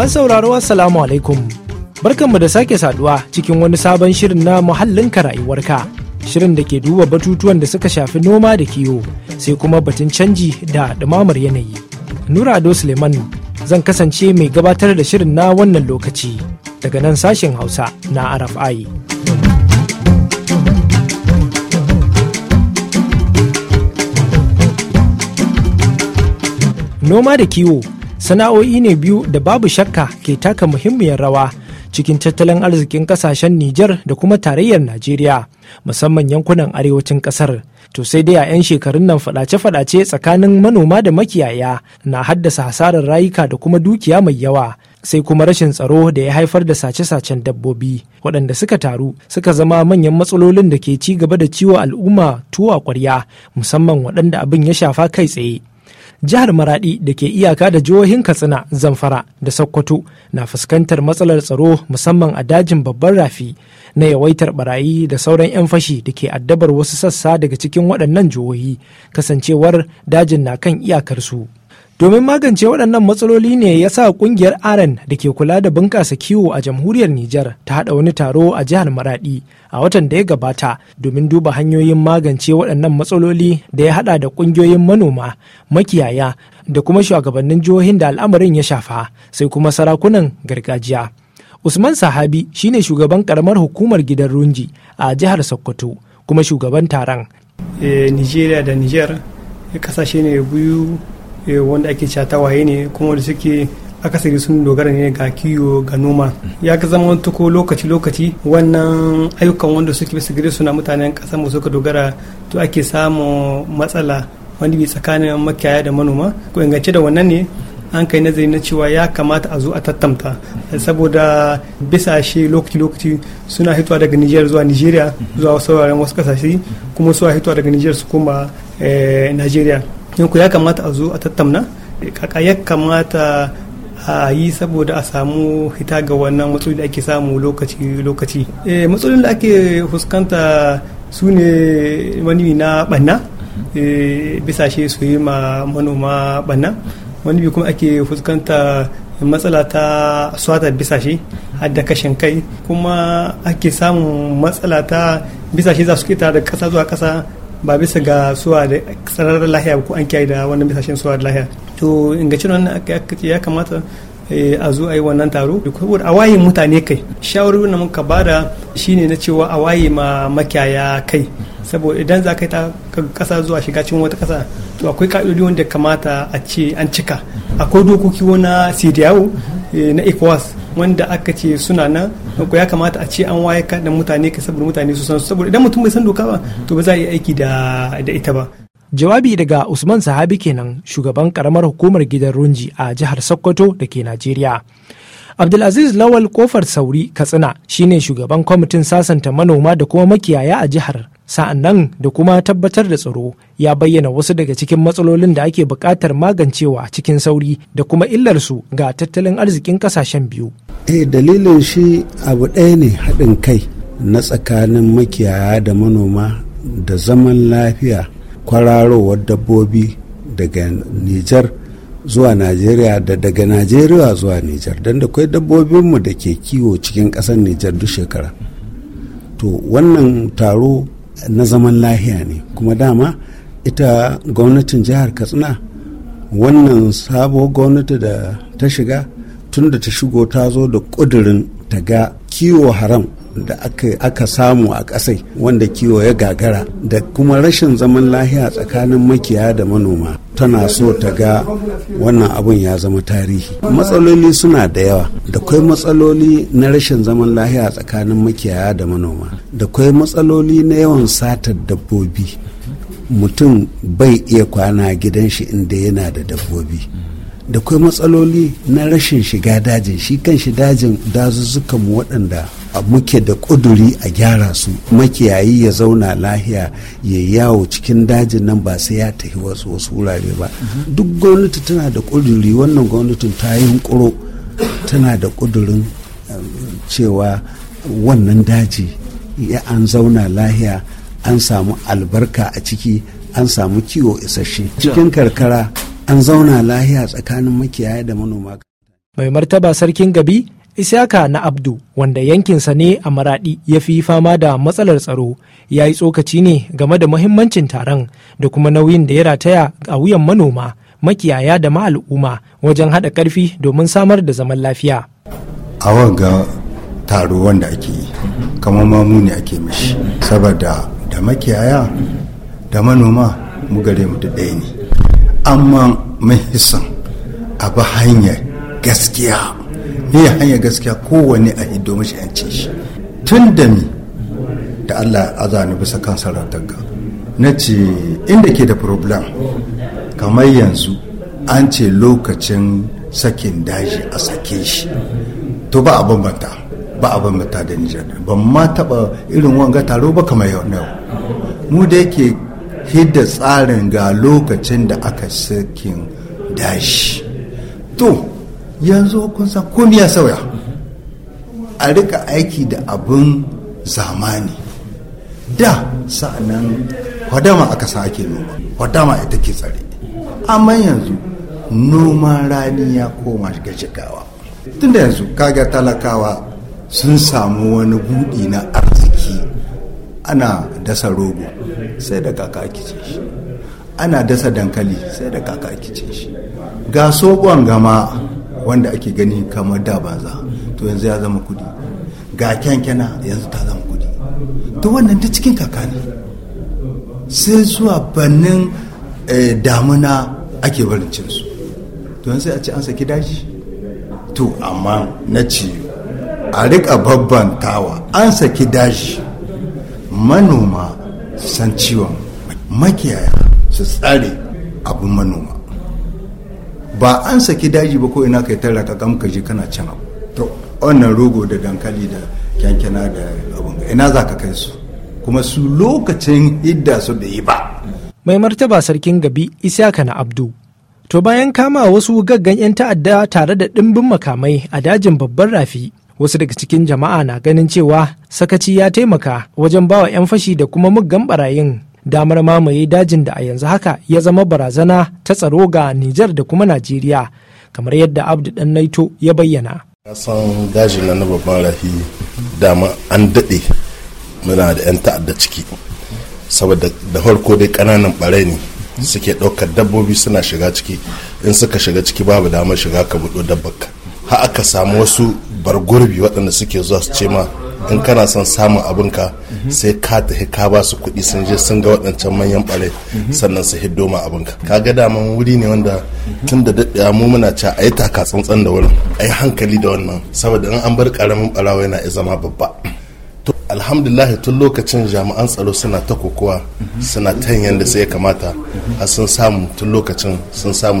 Masu sauraro Assalamu alaikum. Barkanmu da sake saduwa cikin wani sabon shirin na muhallinka rayuwarka. Shirin da ke duba batutuwan da suka shafi noma da kiwo sai kuma batun canji da ɗumamar yanayi. Nura Ado Suleiman zan kasance mai gabatar da shirin na wannan lokaci daga nan sashen Hausa na RFI. Noma da kiwo sana'o'i ne biyu da babu shakka ke taka muhimmiyar rawa cikin tattalin arzikin kasashen Nijar da kuma tarayyar Najeriya musamman yankunan arewacin kasar. To sai dai a 'yan shekarun nan fadace-fadace tsakanin manoma da makiyaya na haddasa hasarar rayuka da kuma dukiya mai yawa. sai kuma rashin tsaro da ya haifar da sace-sacen dabbobi waɗanda suka taru suka zama manyan matsalolin da ke ci gaba da ciwo al'umma tuwa ƙwarya musamman waɗanda abin ya shafa kai tsaye jihar maradi da ke iyaka da jihohin katsina zamfara da sokoto na fuskantar matsalar tsaro musamman a dajin babban rafi na yawaitar barayi da sauran 'yan fashi da ke addabar wasu sassa daga cikin waɗannan jihohi kasancewar dajin na kan iyakarsu. domin magance waɗannan matsaloli ne ya sa ƙungiyar aran da ke kula da bunƙasa kiwo a jamhuriyar nijar ta haɗa wani taro a jihar maradi a watan da ya gabata domin duba hanyoyin magance waɗannan matsaloli da ya haɗa da ƙungiyoyin manoma makiyaya da kuma shugabannin jihohin da al'amarin ya shafa sai kuma sarakunan gargajiya usman sahabi shine shugaban karamar hukumar gidan runji a jihar sokoto kuma shugaban taron eh, da niger kasashe ne biyu Eh, wanda ake cewa tawaye ne kuma da suke akasari sun dogara ne ga kiwo ga noma ya ka zama wani ko lokaci lokaci wannan ayyukan wanda suke bisa gare suna mutanen kasa mu suka dogara to ake samu matsala wani bi tsakanin makiyaya da manoma ko ingance da wannan ne an kai nazari na cewa ya kamata a zo a tattamta saboda bisa shi lokaci-lokaci suna hitowa daga Nijar zuwa Nijeriya. zuwa wasu wasu kasashe kuma suna hitowa daga Nijar su koma eh, Nigeria ku ya kamata a zo a tattauna kaka ya kamata a yi saboda a samu hita ga wannan matsaloli da ake samu lokaci-lokaci eh, matsalolin da ake fuskanta su ne wani na banna eh, bisa shi su yi ma manoma banna wani kuma ake fuskanta matsala ta swata bisa shi da kashin kai kuma ake samun matsala ta bisa shi za su kita da ƙasa zuwa ƙasa. ba bisa ga suwa da tsararren lahiya ko an kiyaye da wannan bisashen suwa da lahiya to cin wannan ya kamata eh, a zo a yi wannan taro a waye mutane kai shawarar da muka bada shine na cewa a waye ma makiyaya kai saboda idan za ka yi ta kasa zuwa shiga cikin wata kasa to akwai ka'idodi wanda kamata a ce an cika akwai dokoki na sidiyawo eh, na ecowas wanda aka ce suna nan ko ya kamata a ce an waye ka da mutane ka saboda mutane su san saboda idan mutum bai san doka ba to ba za a yi aiki da ita ba jawabi daga usman sahabi kenan shugaban karamar hukumar gidan runji a jihar sokoto da ke najeriya abdulaziz lawal kofar sauri katsina shine shugaban kwamitin sasanta manoma da kuma makiyaya a jihar sa'an nan da kuma tabbatar da tsaro ya bayyana wasu daga cikin matsalolin da ake buƙatar magancewa cikin sauri da kuma illarsu ga tattalin arzikin ƙasashen biyu. eh dalilin shi abu ɗaya ne haɗin kai na tsakanin makiyaya da manoma da zaman lafiya kwararowar dabbobi daga nijar zuwa najeriya da daga najeriya zuwa nijar don da kwai dabbobinmu da ke kiwo cikin ƙasar nijar duk shekara to wannan taro na zaman lahiya ne kuma dama ita gwamnatin jihar katsina wannan sabuwar gwamnati da ta shiga tun da ta shigo ta zo da ƙudurin ta ga kiwo haram da aka samu a ƙasai wanda kiwo ya gagara da kuma rashin zaman lahiya tsakanin makiya da manoma tana so ta ga wannan abun ya zama tarihi matsaloli suna da yawa da kwai matsaloli na rashin zaman lahiya tsakanin makiyaya da manoma da kwai matsaloli na yawan satar dabbobi mutum bai iya kwana gidan shi inda yana da dabbobi da kai matsaloli na rashin shiga dajin shi kan shi dajin dazuzzukan waɗanda muke da ƙuduri a gyara su makiyayi ya zauna lahiya ya yawo cikin dajin nan ba sai ya tafi wasu wasu wurare ba mhm. duk gwamnati tana da ƙuduri wannan gwamnatin ta yi hunkuro tana da ƙudurin um, cewa wannan daji ya an zauna lahiya an samu albarka a ciki an samu kiwo isasshe cikin karkara an zauna lahiya tsakanin makiyaya da manoma. Mai martaba sarkin gabi Isaka na Abdu wanda yankinsa ne a Maradi ya fi fama da matsalar tsaro ya yi tsokaci ne game da muhimmancin taron da kuma nauyin da ya rataya a wuyan manoma makiyaya da ma'al'umma wajen hada karfi domin samar da zaman lafiya. A wanga taro wanda ake yi, kamar mamu ne ake mishi, saboda da makiyaya da manoma mu gare mu ɗaya ne. amma mahisan abu hanyar gaskiya ne hanyar gaskiya kowane a hido mashi yanci shi tun da ni da allah azani bisa kan sarautarka na ce inda ke da problem kamar yanzu an ce lokacin sakin daji a sake shi to ba a bambanta ba a bambanta da nijar ban ma taba irin wanga taro ba kamar yau mu da yake hidda tsarin ga lokacin da aka sakin dashi to yanzu kun san komi ya sauya a rika aiki da abin zamani da sa'anan hwadama aka sake noma hwadama ita ke tsare amma yanzu noman rani ya koma ga jigawa tunda yanzu kaga talakawa sun samu wani buɗi na ana dasa rogo sai da kaka ake ce shi ana dasa dankali sai da kaka ake ce shi ga soɓon gama wanda ake gani kamar da banza to yanzu ya zama kudi ga kyankyana yanzu ta zama kudi to wannan ta cikin kaka ne sai zuwa bannin eh, damuna ake barin cinsu to yanzu a ce an saki daji to amma na ce a riƙa babban tawa an saki daji manoma san ciwon makiyaya su tsare abin manoma ba an saki daji ba ko ina kai tara ka gam kana cin abu to wannan rogo da dankali da kyankyana da abin ina za ka kai su kuma su lokacin idda su bai yi ba mai martaba sarkin gabi isa na abdu to bayan kama wasu gaggan 'yan ta'adda tare da ɗimbin makamai a dajin babban rafi wasu daga cikin jama'a na ganin cewa sakaci ya taimaka wajen bawa 'yan fashi da kuma muggan barayin damar mamaye dajin da a yanzu haka ya zama barazana ta tsaro ga Nijar da kuma Najeriya kamar yadda Abdu Dan Naito ya bayyana. san dajin na babban rafi dama an daɗe muna da 'yan ta'adda ciki saboda da farko dai ƙananan ɓarai ne suke ɗaukar dabbobi suna shiga ciki in suka shiga ciki babu damar shiga ka buɗo dabbar har aka samu wasu bargurbi waɗanda suke zuwa su ce ma in kana son samun abinka mhm. sai ka tafi ka ba su kuɗi sun je sun ga waɗancan manyan ɓare mhm. sannan su hiddo ma abinka ka ga daman wuri ne wanda mhm. tun da daɗe mu muna ca a yi taka tsantsan da wurin a yi hankali da wannan saboda in an bar ƙaramin ɓarawa yana zama babba alhamdulahi tun lokacin jami'an tsaro suna ta kokowa suna ta yadda sai ya kamata a sun samu tun lokacin sun samu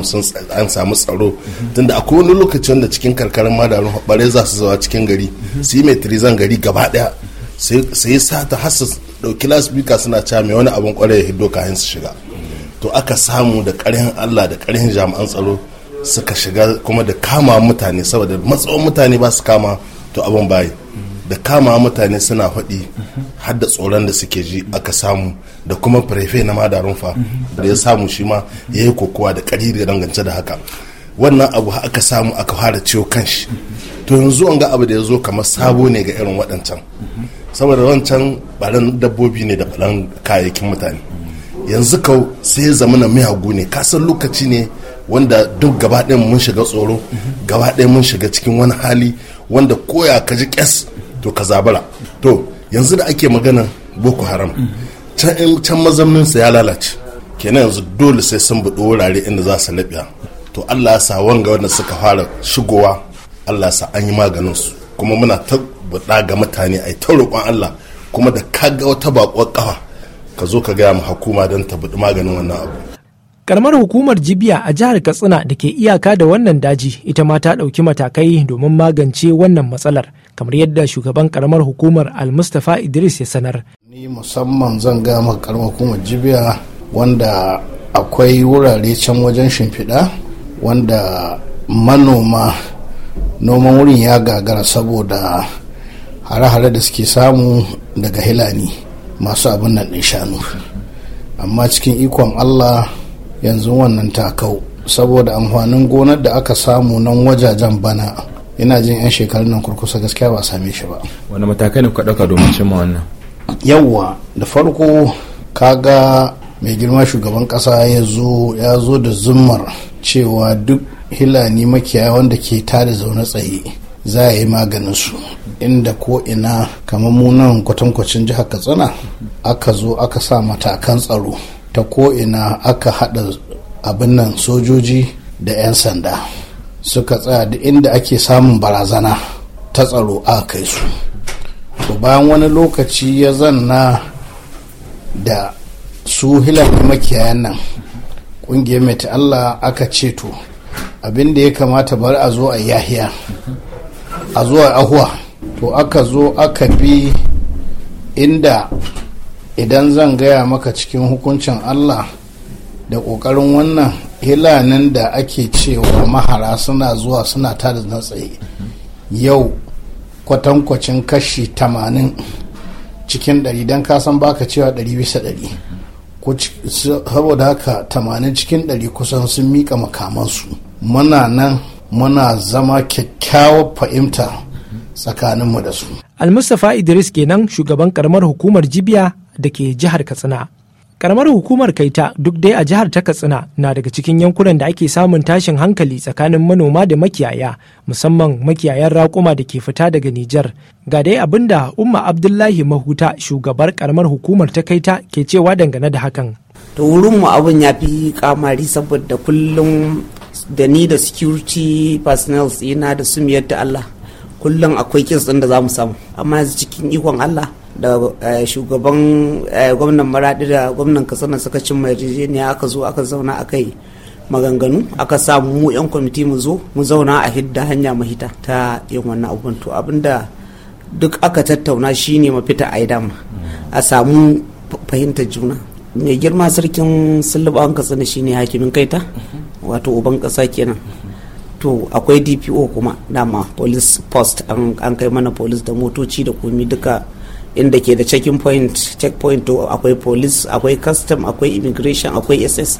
an samu tsaro tunda akwai wani lokacin da cikin karkarar madarun bare za su zawa cikin gari su yi zan gari gaba daya sai sa ta hasa dauki lasbika suna cewa mai wani abin kwarai ya hiddo kayan su shiga to aka samu da karhin allah da karhin jami'an tsaro suka shiga kuma da kama mutane saboda matsawon mutane ba su kama to abin bayi da kama mutane suna faɗi har da tsoron da suke ji aka samu da kuma prefe na mada rumfa da ya samu shi ma ya yi kokowa da ƙari da dangance da haka wannan abu aka samu aka fara ciwo kan shi to yanzu an ga abu da ya zo kamar sabo ne ga irin waɗancan saboda wancan baran dabbobi ne da baran kayayyakin mutane yanzu kau sai ya zama na miyagu ne kasan lokaci ne wanda duk gaba ɗaya mun shiga tsoro gaba ɗaya mun shiga cikin wani hali wanda koya ka ji kyas to ka zabara to yanzu da ake magana boko haram can mazaunin sa ya lalace kenan yanzu dole sai sun buɗe wurare inda za su lafiya to allah ya sa wanga wanda suka fara shigowa allah sa an yi maganin su kuma muna ta buɗa ga mutane a ta roƙon allah kuma da kaga wata baƙon kafa ka zo ka gaya ma hukuma don ta buɗi maganin wannan abu karamar hukumar jibiya a jihar katsina da ke iyaka da wannan daji ita ma ta ɗauki matakai domin magance wannan matsalar kamar yadda shugaban karamar hukumar almustafa idris ya sanar ni musamman zan gama karamar hukumar jibiya wanda akwai wurare can wajen shimfiɗa wanda manoma noman wurin ya gagara saboda hare-hare da suke samu daga hilani masu abin nan ɗin shanu amma cikin ikon allah yanzu wannan takau saboda amfanin gonar da aka samu nan wajajen bana ina jin yan shekarun nan kurkusa gaskiya ba same shi ba wani matakai ne kuka ɗauka domin cimma wannan yawwa da farko kaga mai girma shugaban ƙasa ya zo ya zo da zummar cewa duk hilani makiyaya wanda ke tada zaune tsaye za a yi maganin su inda ko ina kamar munan kwatankwacin jihar katsina aka zo aka sa matakan tsaro ta ko ina aka haɗa abin nan sojoji da 'yan sanda suka tsaya da inda ake samun barazana ta tsaro a kai su to bayan wani lokaci ya zanna da su hilal makiyayan nan ƙungiyar mai Allah aka ce to abinda ya kamata bari a zo a yahiya a zo a ahuwa to aka zo aka bi inda idan zan gaya maka cikin hukuncin Allah da ƙoƙarin wannan hilanin da ake cewa mahara suna zuwa suna tada na tsaye yau kwatankwacin kashi tamanin cikin ɗari don kasan baka cewa 100 bisa ɗari saboda haka tamanin cikin ɗari kusan sun miƙa makamansu muna nan muna zama kyakkyawar fahimta tsakaninmu da su. Almustapha Idris kenan shugaban karamar hukumar Jibiya da ke jihar Katsina. karamar hukumar kaita duk dai a jihar ta katsina na daga cikin yankunan da ake samun tashin hankali tsakanin manoma da makiyaya musamman makiyayan raƙuma da ke fita daga nijar ga dai abin da umma abdullahi mahuta shugabar karamar hukumar ta kaita ke cewa dangane da hakan to wurinmu abin ya fi kamari saboda kullum da ni da security personnel yana da sumiyar da allah kullum akwai kins da za mu samu amma cikin ikon allah da eh, shugaban eh, gwamnan maraɗi da gwamnan katsina suka cin yarjejeniya aka zo aka zauna aka yi maganganu aka samu mu 'yan kwamiti mu zo mu zauna a hidda hanya mahita ta yin wannan abubuwan to abinda duk aka tattauna shine mafita a dama a samu fahimtar juna mai girma sarkin sulluban katsina shine hakimin kaita wato uban kasa kenan to akwai dpo kuma dama police post an kai mana police da motoci da komi duka inda ke da checking point checkpoint to akwai police akwai custom akwai immigration akwai ss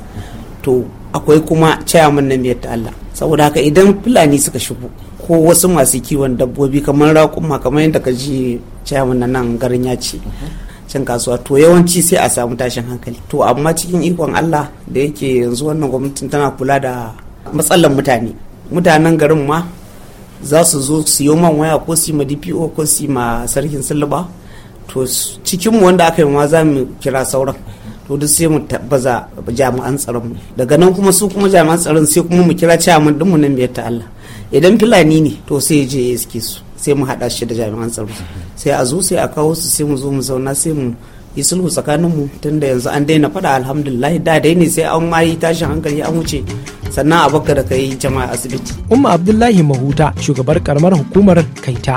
to akwai kuma chairman na miyar Allah saboda haka idan fulani suka shigo ko wasu masu kiwon dabbobi kamar raƙumma kamar yadda ka ji chairman na nan garin ya ce can kasuwa to yawanci sai a samu tashin hankali to amma cikin ikon Allah da yake yanzu wannan gwamnatin tana kula da matsalar mutane mutanen garin ma za su zo su yi man waya ko su ma DPO ko su ma sarkin sulba to cikinmu wanda aka yi ma za mu kira sauran to duk sai mu tabbaza jami'an tsaron mu daga nan kuma su kuma jami'an tsaron sai kuma mu kira chairman din mu nan biyar ta Allah idan filani ne to sai je ya iske su sai mu hada shi da jami'an tsaro sai a zo sai a kawo su sai mu zo mu zauna sai mu yi sulhu tsakanin mu tunda yanzu an daina faɗa alhamdulillah da dai ne sai an mai tashin hankali an wuce sannan a baka da kai jama'a asibiti umma abdullahi mahuta shugabar karamar hukumar kaita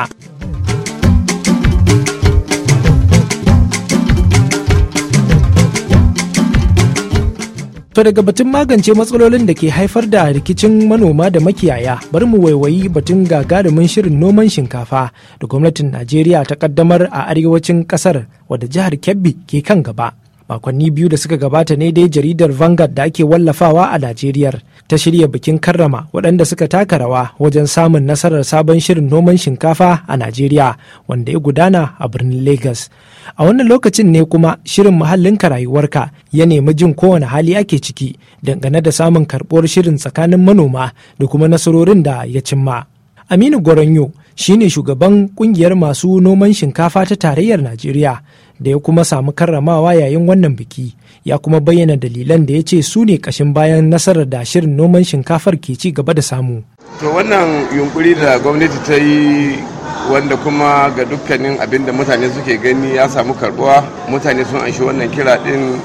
To daga batun magance matsalolin da ke haifar da rikicin manoma da makiyaya bari mu waiwayi batun gagarumin shirin noman shinkafa da gwamnatin Najeriya ta kaddamar a arewacin kasar wadda jihar Kebbi ke kan gaba. Makonni biyu da suka gabata ne dai jaridar Vanguard da ake wallafawa a Najeriyar ta shirya bikin karrama waɗanda suka taka rawa wajen samun nasarar sabon shirin noman shinkafa a Najeriya wanda ya gudana a birnin Lagos. A wannan lokacin ne kuma shirin muhallinka rayuwarka ya nemi jin kowane hali ake ciki dangane da samun karɓuwar shirin tsakanin manoma da kuma nasarorin da ya cimma. Aminu Goronyo shine shugaban kungiyar masu noman shinkafa ta tarayyar Najeriya da ya kuma samu karramawa yayin wannan biki ya kuma bayyana dalilan da ya ce su ne kashin bayan nasarar da shirin noman shinkafar ke ci gaba da samu to wannan yunkuri da gwamnati ta yi wanda kuma ga dukkanin abin da mutane suke gani ya samu karbuwa mutane sun anshi wannan kira din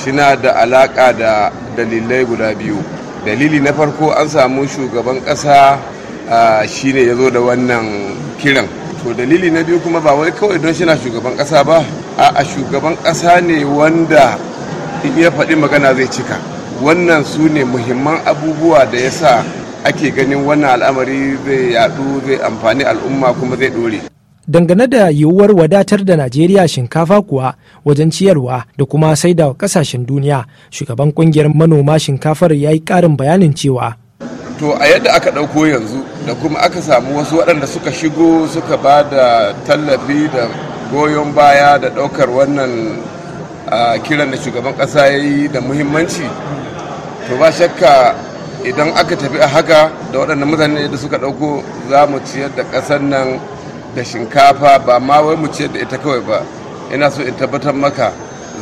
shina da alaka da dalilai guda biyu dalili na farko an samu shugaban kasa shine ya zo da wannan kiran to dalili na biyu kuma ba wai kawai don shi na shugaban kasa ba a shugaban kasa ne wanda in ya faɗi magana zai cika wannan su ne muhimman abubuwa da ya sa ake ganin wannan al'amari zai yadu zai amfani al'umma kuma zai dore dangane da yiwuwar wadatar da najeriya shinkafa kuwa wajen ciyarwa da kuma saida wa kasashen duniya shugaban kungiyar manoma shinkafar ya yi karin bayanin cewa to a yadda aka ɗauko yanzu da kuma aka samu wasu waɗanda suka shigo suka ba da tallafi da goyon baya da ɗaukar wannan kiran da shugaban ƙasa ya yi da muhimmanci to ba shakka idan aka tafi a haka da waɗanda mutane da suka ɗauko za mu ciyar da ƙasar nan da shinkafa ba ma wai mu ciyar da ita kawai ba ina so in tabbatar maka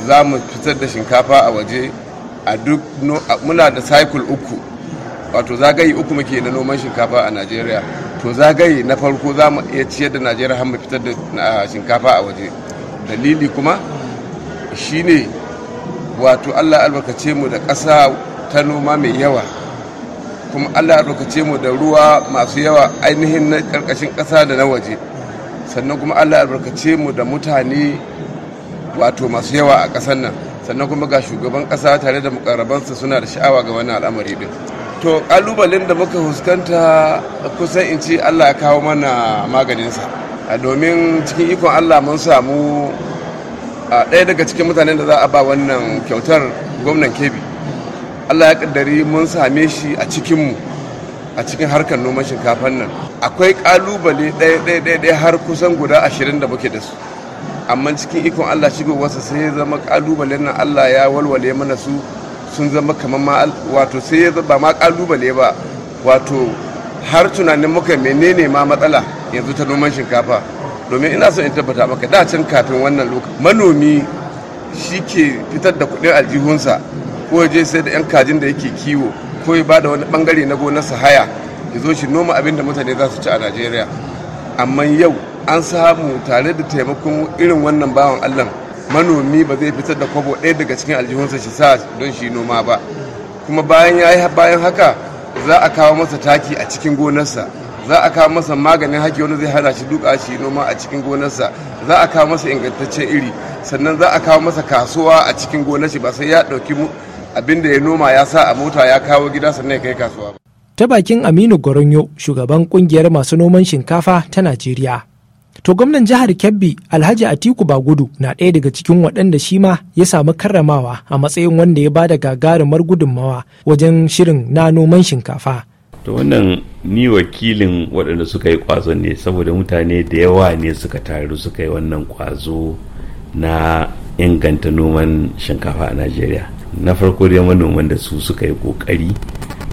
za mu fitar da shinkafa a waje a duk muna da cycle uku wato zagaye uku muke na noman shinkafa a najeriya to zagaye na farko za mu iya ciyar da najeriya har mu fitar da shinkafa a waje dalili kuma shine wato allah albarkace mu da ƙasa ta noma mai yawa kuma allah albarkace mu da ruwa masu yawa ainihin na ƙarƙashin ƙasa da na waje sannan kuma allah albarkace mu da mutane wato masu yawa a ƙasar nan sannan kuma ga shugaban ƙasa tare da mukarabansa suna da sha'awa ga wannan al'amari din to kalubalen da muka huskanta kusan in ce allah ya kawo mana maganinsa domin cikin ikon allah mun samu ɗaya daga cikin mutanen da za a ba wannan kyautar gwamnan kebi allah ya kaddari mun same shi a cikinmu a cikin harkar noman shinkafan nan akwai kalubale ɗaya-ɗaya har kusan guda ashirin da muke da su amma cikin ikon allah shigowarsa sai zama kalubalen nan allah ya walwale mana su sun zama kamar ma wato sai ya ba ma kalubale ba wato har tunanin muka menene ma matsala yanzu ta noman shinkafa domin ina son in tabbata maka da can kafin wannan lokaci manomi shi ke fitar da kudin aljihunsa ko je sai da yan kajin da yake kiwo ko ya bada wani bangare na sa haya ya zo shi noma abin da mutane za su ci a najeriya amma yau an samu tare da taimakon irin wannan bawan allah manomi ba zai fitar da kwabo ɗaya daga cikin aljihunsa shi sa don shi noma ba kuma bayan ya bayan haka za a kawo masa taki a cikin gonarsa za a kawo masa maganin haki wanda zai hana shi duka shi noma a cikin gonarsa za a kawo masa ingantaccen iri sannan za a kawo masa kasuwa a cikin gonar shi ba sai ya ɗauki abin da ya noma ya sa a mota ya kawo gida sannan ya kai kasuwa ba. ta bakin aminu goronyo shugaban kungiyar masu noman shinkafa ta najeriya To gwamnan jihar Kebbi Alhaji Atiku Bagudu na ɗaya daga cikin waɗanda shi ma ya samu karramawa a matsayin wanda ya bada gagarumar gudunmawa wajen shirin na noman shinkafa. To wannan ni wakilin waɗanda suka yi kwazo ne saboda mutane da yawa ne suka taru suka yi wannan kwazo na inganta noman shinkafa a Najeriya. Na farko dai manoman da su suka yi ƙoƙari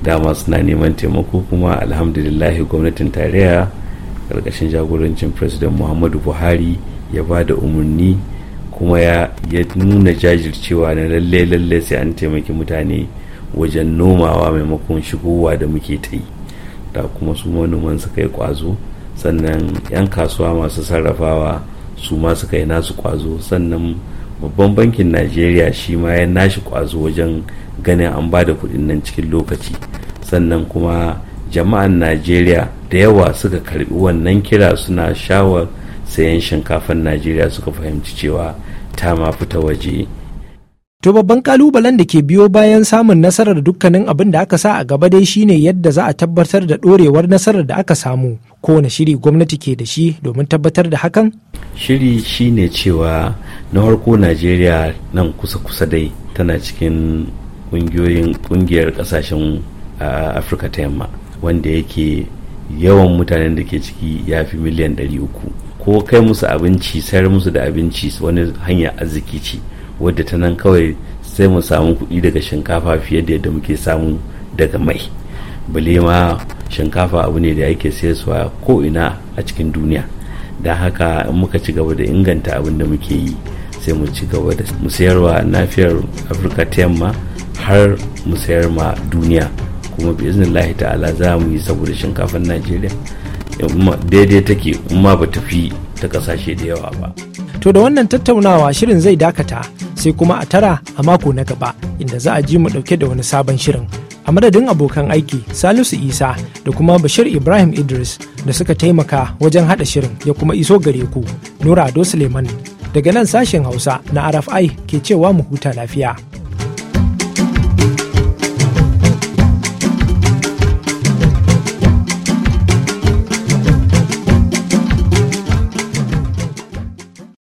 dama suna neman taimako kuma alhamdulillahi gwamnatin tarayya ƙarƙashin jagorancin president muhammadu buhari ya ba da umarni kuma ya nuna jajircewa na lalle lalle sai an taimaki mutane wajen nomawa maimakon shigowa da muke ta yi da kuma su manoman suka yi kwazo sannan 'yan kasuwa masu sarrafawa su ma suka yi nasu kwazo sannan babban bankin najeriya shi ma ya nashi kwazo wajen ganin an ba da kudin nan cikin lokaci sannan kuma jama'an najeriya da yawa suka karbi wannan kira suna shawar sayan shinkafar najeriya suka fahimci cewa ta ma fita waje To babban kalubalen da ke biyo bayan samun nasarar dukkanin abin da aka sa a gaba dai shine yadda za a tabbatar da ɗorewar nasarar da aka samu kowane shiri gwamnati ke da shi domin tabbatar da hakan? Shiri shine cewa na farko Najeriya nan kusa-kusa dai tana cikin ƙungiyar ƙasashen ah, Afirka ta yamma. wanda yake yawan mutanen da ke ciki ya fi miliyan 300 ko kai musu abinci sayar musu da abinci wani hanyar arziki ce wadda ta nan kawai sai mu samu kuɗi daga shinkafa fiye da yadda muke samu daga mai bale ma shinkafa abu ne da yake sayarwa ko ina a cikin duniya don haka muka ci gaba da inganta abin da muke yi sai mu ci gaba da mu sayarwa nafiyar afirka ta yamma har mu sayar ma duniya kuma bizin lahi ta'ala za mu yi saboda shinkafar najeriya daidai take kuma ba ta fi ta kasashe da yawa ba to da wannan tattaunawa shirin zai dakata sai kuma a tara a mako na gaba inda za a ji mu dauke da wani sabon shirin a madadin abokan aiki salisu isa da kuma bashir ibrahim idris da suka taimaka wajen hada shirin ya kuma iso gare ku nura ado suleiman daga nan sashen hausa na rfi ke cewa mu huta lafiya